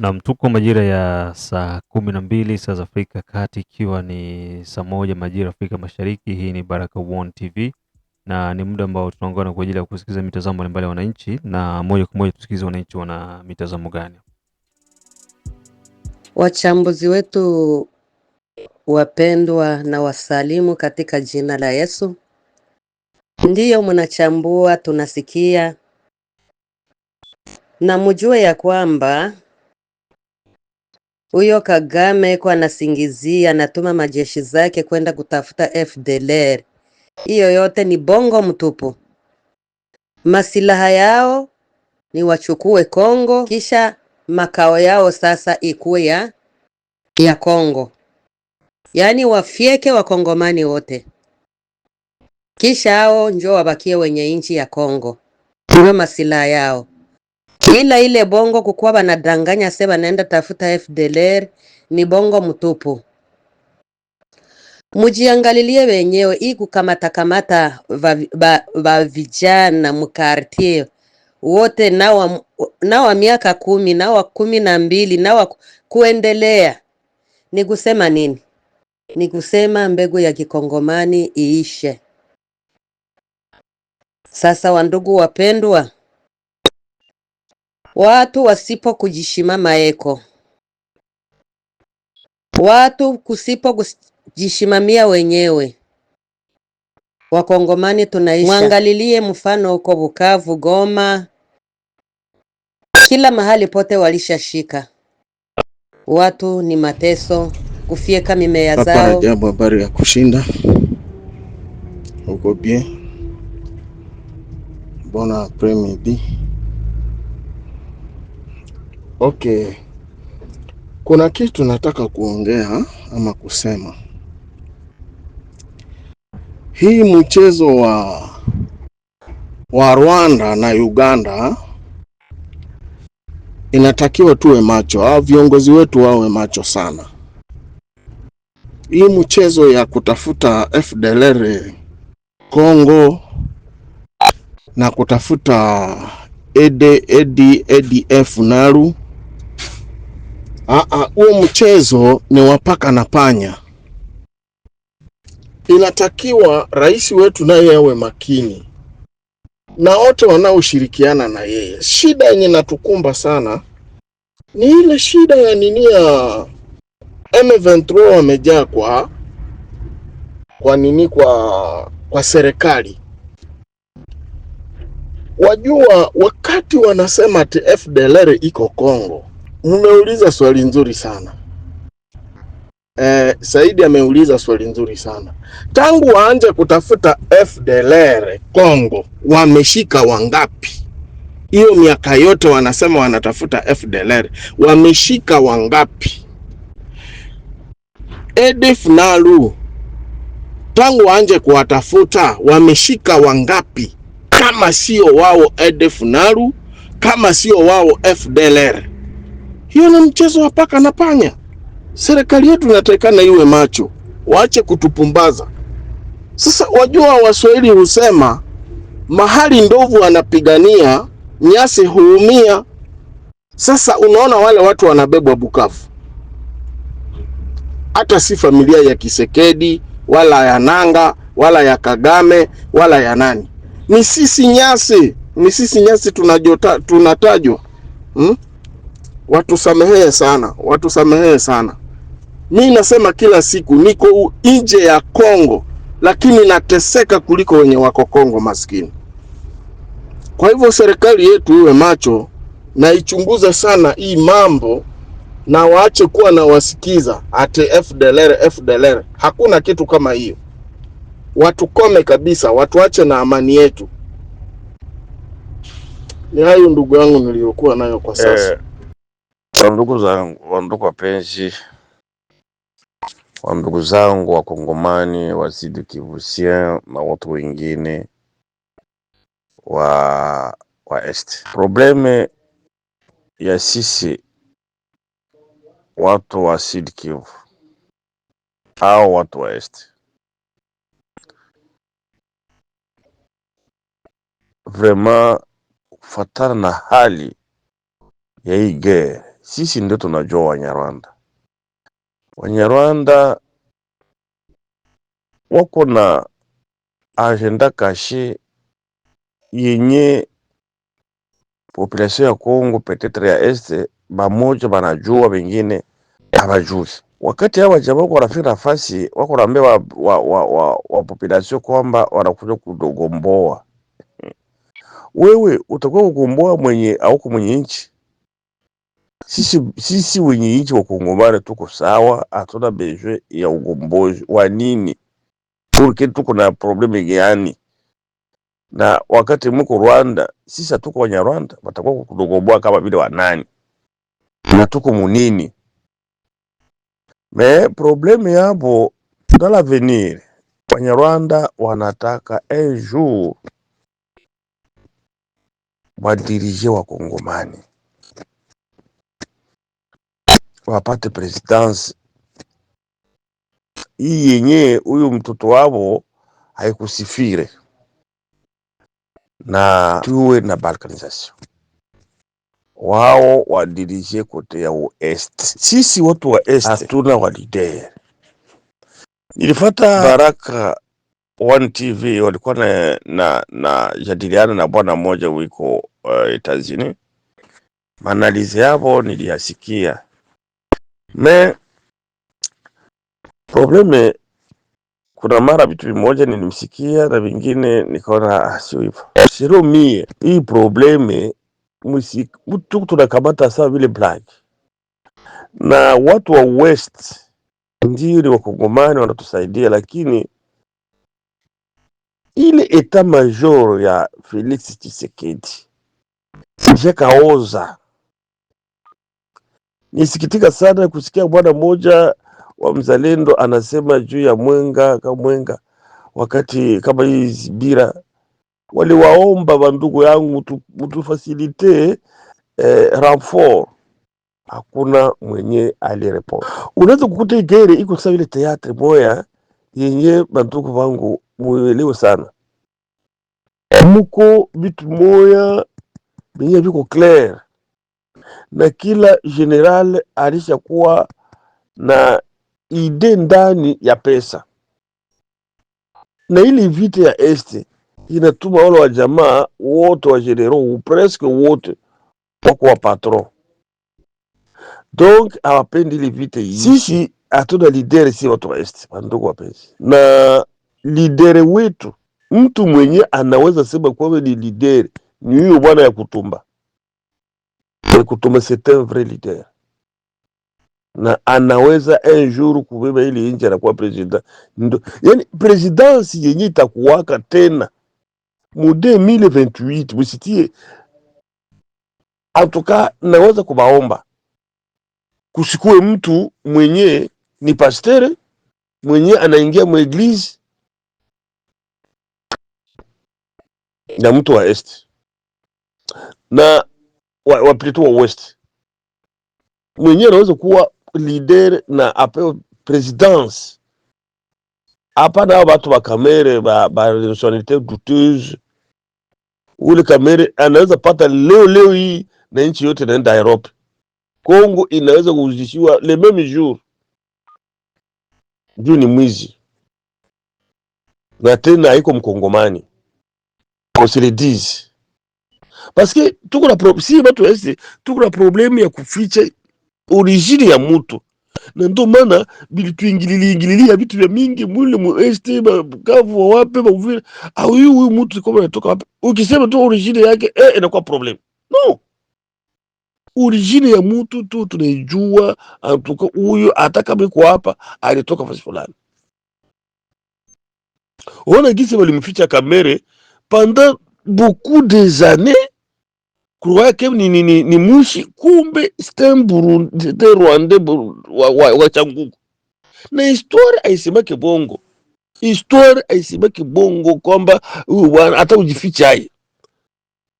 Naam, tuko majira ya saa kumi na mbili saa za Afrika ya Kati, ikiwa ni saa moja majira Afrika Mashariki. Hii ni Baraka One TV na ni muda ambao tunaongana kwa ajili ya kusikiliza mitazamo mbalimbali ya wananchi, na moja kwa moja tusikilize wananchi wana mitazamo gani. Wachambuzi wetu wapendwa, na wasalimu katika jina la Yesu. Ndiyo mnachambua, tunasikia na mjue ya kwamba huyo Kagame kwa anasingizia, anatuma majeshi zake kwenda kutafuta FDLR. Hiyo yote ni bongo mtupu. Masilaha yao ni wachukue Kongo, kisha makao yao sasa ikuwe ya ya Kongo, yaani wafyeke wakongomani wote, kisha hao njo wabakie wenye nchi ya Kongo. Ndio masilaha yao. Ila ile bongo kukuwa wanadanganya se wanaenda tafuta FDLR ni bongo mtupu. Mujiangalilie wenyewe, hii kukamata kamata va vijana mkartie wote na wa miaka kumi na wa kumi na mbili na wa kuendelea, ni kusema nini? Ni kusema mbegu ya kikongomani iishe. Sasa wandugu wapendwa Watu wasipo kujishima eko, watu kusipo kujishimamia wenyewe, wakongomani tunaisha. Mwangalilie mfano huko Bukavu, Goma, kila mahali pote walishashika watu, ni mateso, kufyeka mimea zao. Jambo habari ya kushinda huko bie bona premi Okay, kuna kitu nataka kuongea ama kusema. Hii mchezo wa wa Rwanda na Uganda inatakiwa tuwe macho, au viongozi wetu wawe macho sana. Hii mchezo ya kutafuta FDLR Kongo na kutafuta ED, ED, ADF naru Ah, ah, huo mchezo ni wapaka na panya. Inatakiwa rais wetu naye awe makini na wote wanaoshirikiana na yeye. Shida yenye natukumba sana ni ile shida ya nini ya M23 wamejaa kwa kwa nini kwa kwa serikali. Wajua, wakati wanasema ati FDLR iko Kongo Mmeuliza swali nzuri sana eh, Saidi ameuliza swali nzuri sana. Tangu waanze kutafuta FDLR Kongo wameshika wangapi? Hiyo miaka yote wanasema wanatafuta FDLR, wameshika wangapi? Edif Nalu tangu waanze kuwatafuta wameshika wangapi? Kama sio wao Edif Nalu, kama sio wao FDLR hiyo ni mchezo wa paka na panya. Serikali yetu inatakikana iwe macho, waache kutupumbaza. Sasa wajua, Waswahili husema mahali ndovu anapigania nyasi huumia. Sasa unaona wale watu wanabebwa Bukavu, hata si familia ya Kisekedi wala ya Nanga wala ya Kagame wala ya nani, ni sisi nyasi, ni sisi nyasi tunajota, tunatajwa hmm? watusamehee sana, watusamehee sana. Mi nasema kila siku niko nje ya Kongo, lakini nateseka kuliko wenye wako Kongo maskini. Kwa hivyo serikali yetu iwe macho na ichunguze sana hii mambo na waache kuwa na wasikiza ate FDLR FDLR. Hakuna kitu kama hiyo, watukome kabisa, watuache na amani yetu. Ni hayo ndugu yangu niliyokuwa nayo kwa sasa eh. Wandugu zangu, wandugu wapenzi, wandugu zangu Wakongomani, wazidi Kivusien na watu wengine wa, wa est, probleme ya sisi watu wa Sud Kivu au watu wa est vraiment kufatana na hali ya hii gere sisi ndio tunajua Wanyarwanda. Wanyarwanda wako na agenda kashe yenye population ya Kongo petetre ya este bamoja banajua, bengine abajui. Wakati hawa jamaa wako wanafika nafasi wako naambia wa, wa, wa, wa, wa population kwamba wanakuja kudogomboa wewe, utakuwa kugomboa mwenye auko mwenye nchi sisi, sisi wenye nchi wa Kongomani tuko sawa, hatuna beje ya ugombozi wa nini? Turki tuko na problemu gani? Na wakati mko Rwanda, sisi hatuko Wanyarwanda, watakuwa kudogoboa kama vile wanani na tuko munini me problemu yapo dans l'avenir. Wanyarwanda wanataka un jour wadirije wa Kongomani wapate presidansi hii yenye huyu mtoto wavo haikusifire, na tuwe na balkanization wao wadirije kote ya uest. Sisi watu wa est hatuna walidere. Nilifata Baraka One TV walikuwa na, na, na jadiliana na bwana mmoja wiko uh, eh, Etazini. Manalizi yavo niliyasikia Mais probleme, kuna mara vitu vimoja nilimsikia na vingine nikaona ah, sio hivyo, sio mie hii probleme mtu tunakamata sawa vile black na watu wa West ndio ni wakongomani wanatusaidia, lakini ile eta major ya Felix Tshisekedi shakaoza Nisikitika sana kusikia bwana mmoja wa mzalendo anasema juu ya Mwenga ka Mwenga, wakati kama hii zibira waliwaomba wandugu yangu mutufasilite eh, renfort hakuna mwenye alirepond. Unaweza kukuta igere iko sasa ile teatre moya yenye bandugu vangu muelewe sana, muko vitu moya venye viko clair na kila general alishakuwa na ide ndani ya pesa, na ile vita ya este inatuma wale wa jamaa wote wa general presque wote wako wa patron, donc awapendi ile vita hii. Sisi hatuna lidere, si watu wa este, wandugu wapenzi, na lidere wetu mtu mwenye anaweza sema kwamba ni lidere ni huyo bwana ya kutumba Lekutume c'est un vrai leader na anaweza un jour kubeba ili nchi anakuwa president. Ndo yani presidensi yenye itakuwaka tena mu 2028 musitie antuka, naweza kubaomba kusikue mtu mwenye ni pastere mwenye anaingia mweglise na mtu wa est na wa, wa plutôt wa West. mwenye anaweza kuwa leader na apewe presidence hapa nao watu wa kamere ba, ba nationalité douteuse ule kamere anaweza pata leo leo hii na nchi yote naenda Europe. Kongo inaweza kuuzishiwa le meme jour juu ni mwizi na tena haiko mkongomani. Qu'on se le dise paske tuko na pro, si batu ese tuko na problemu ya kuficha origini ya mutu na ndo maana bilituingililiingililia vitu vya mingi mwile mueste Bukavu wa wape ba Uvira au huyu huyu mtu kama anatoka wapi? Ukisema tu origine yake eh, inakuwa problem no. Origine ya mutu tu tunajua, anatoka huyu, hata kama iko hapa alitoka fasi fulani. Ona gisi walimficha Kamere pendant beaucoup des années kurwa ni, ni, ni, ni mushi kumbe ste rwande wa wa na histori aisimake bongo, histori aisimake bongo kwamba hata uh, hata ujifichaye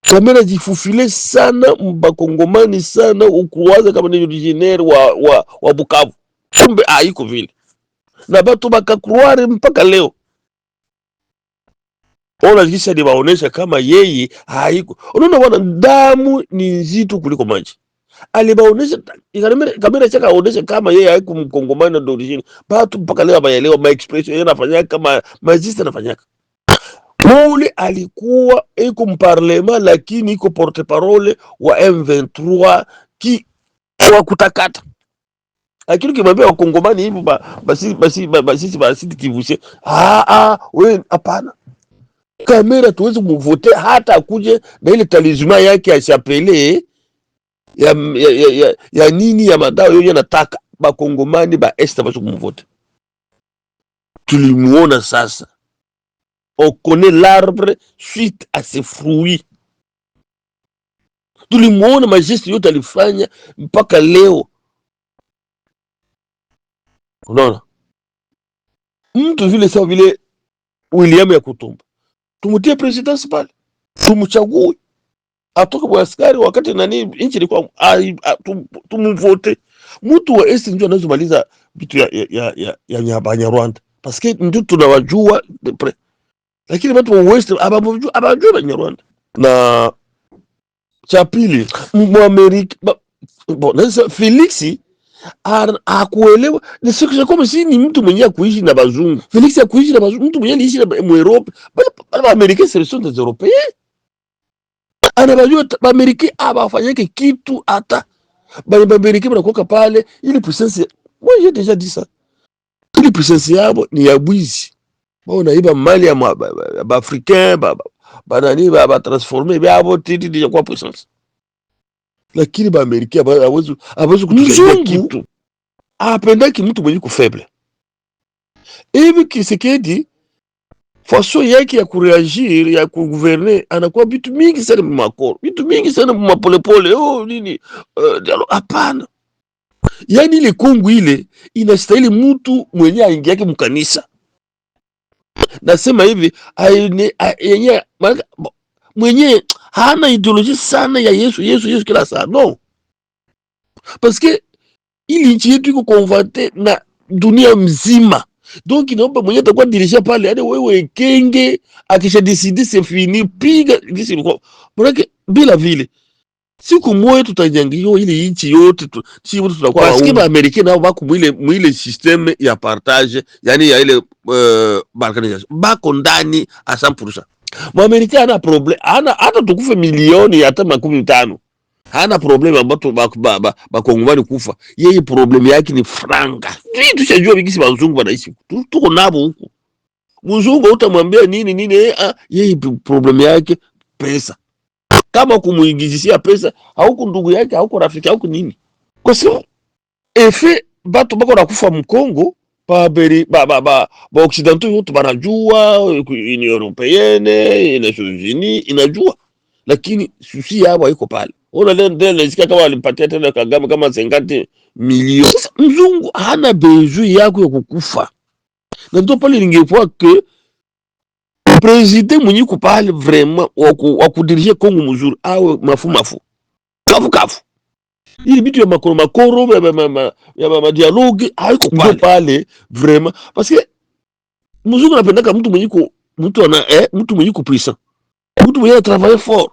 kamera jifufile sana mbakongomani sana ukuwaza kama ni originaire wa, wa, wa Bukavu kumbe aiko vile na batu bakakurware mpaka leo ona kisha liwaonesha kama yeye haiko. Unaona bwana, damu ni nzito kuliko maji. Alibaonesha kamera chaka aonesha kama yeye haiku mkongomani na batu, mpaka leo abaelewa ma expression yeye anafanyaka kama majista anafanyaka ule alikuwa iko mparlema lakini iko porte parole wa M23 ki wa kutakata lakini kimwambia wakongomani hivi basi basi basi basi kivushe ah ah, wewe hapana kamera tuwezi kumvotea hata akuje na ile talisma yake ya shapele ya, ya, ya, ya, ya nini ya madawa yote yanataka bakongomani ba este basi kumvote. Tulimuona sasa, on connaît l'arbre suite à ses fruits. Tulimuona majeste yote alifanya mpaka leo. Unaona mtu vile sawa vile William ya kutumba tumutie presidency pale, tumchague atoke kwa askari wakati nani nchi ilikuwa tumvote. Mtu wa esi ndio anazomaliza vitu ya ya ya, ya ya Banyarwanda paske ndio tunawajua lakini watu wa west abamujua abajua Banyarwanda. Na cha pili Mwamerika bon nasa Felix akuelewa ni siku kama si ni mtu mwenye kuishi na bazungu. Felix akuishi na bazungu, mtu mwenye aliishi na Mwerope bali Bali Baamerika siri sont des Européens. Anabajua Baamerika abafanyake ah, kitu hata bali Baamerika banakuwa pale ili puissance. Moi j'ai déjà dit ça. Ile puissance yabo ni ya bwizi. Bao naiba mali ya Baafrikain ba banani ba ba transformer babo titi ni kwa puissance. Lakini Baamerika hawezi hawezi kutuletea kitu. Apendaki mtu mwenye kufeble. Hivi kisikedi faso yake ya kureagir ya kugouverne anakuwa vitu mingi sana mumakoro, vitu mingi sana mumapolepole oh, nini uh, hapana. Yani ile Kongo ile inastahili mtu mwenye aingi yake mkanisa. Nasema hivi mwenye hana ideoloji sana ya Yesu Yesu Yesu kila saa no, paske ili nchi yetu iko konvate na dunia mzima Donc inaomba mwenye atakuwa dirija pale, yaani wewe kenge akisha decide c'est fini, piga gisi ilikuwa. Mwanake bila vile siku moja tutajangiwa ile nchi yote tu, si wote tutakuwa parce que Amerika nao bako mwile mwile system ya partage, yani ya ile uh, balkanisation bako ndani a 100%. Mwamerika ana problem ana ah, hata tukufe milioni hata makumi tano hana problemu ambato bakongomani kufa, yeye problemu yake ni franga. Tushajua bigisi bazungu wanaishi, tuko nabo huko. Mzungu utamwambia nini nini, eh, ah, yeye problemu yake pesa. Kama kumuingizishia pesa, hauko ndugu yake, hauko rafiki, hauko nini, kwa sababu efe bato bako nakufa mkongo ba beri ba ba ba ba Occidentaux yote banajua, Union Européenne, Nations Unies inajua, lakini susi yabo haiko pale. Ona leo ndio nilisikia kama walimpatia tena Kagame kama sengati milioni. Sasa mzungu hana bezu yako ya kukufa. Na ndio pale ningekuwa ke president mwenye kupale vraiment wa kudirije Kongo mzuri awe mafu mafu. Kafu kafu. Ili bitu ya makoro makoro ya mama ya mama dialogue haiko pale. Pale vraiment parce que mzungu anapendaka mtu mwenye ku mtu ana eh mtu mwenye ku Mtu mwenye travailler fort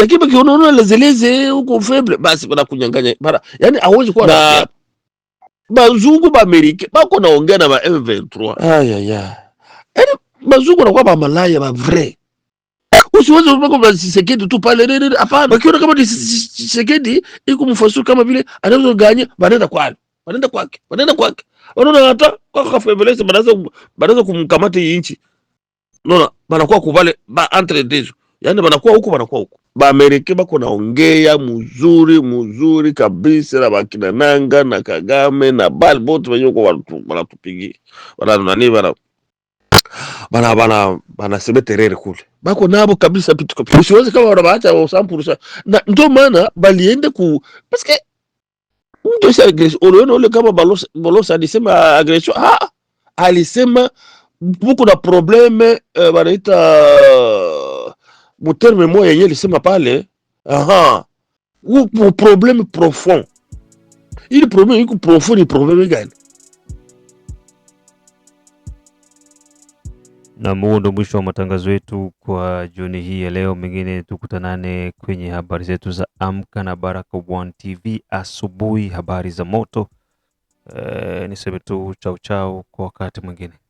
lakini bakionaona lezeleze huko feble basi bana kunyanganya bana, yani hawezi kuwa na bazungu ba Amerika bako naongea na ba M23. Aya ya yani bazungu kwa ba malaya ba vrai, usiweze kwa kwa Tshisekedi tu pale nene, rere, hapana. Bakiona kama ni Tshisekedi iko mfasu kama vile anaweza ganya, banaenda kwake, banaenda kwake, banaenda kwake, wanaona hata kwa kafebeleza, banaanza banaanza kumkamata hii nchi, unaona, banakuwa kubale ba entre deux yani banakuwa huko banakuwa huko bamerike bako naongea muzuri muzuri kabisa na bakina Nanga na Kagame na bali bote wenye uko banatupigia wana nani bana bana bana bana sebe terere kule bako nabo kabisa pitu kopi usiweze kama baacha wa sampuru sa na ndio maana baliende ku parce mtu si agression unaona ule kama balosa balosa alisema agression ah alisema buku na probleme uh, eh, banaita uh, muterme moya yenye lisema pale, aha, uko probleme profond. Ili probleme iko profond, ni probleme gani? Nam, huo ndo mwisho wa matangazo yetu kwa jioni hii ya leo. Mengine tukutanane kwenye habari zetu za Amka na Baraka One TV asubuhi, habari za moto. ni eh, niseme tu chao chao kwa wakati mwingine.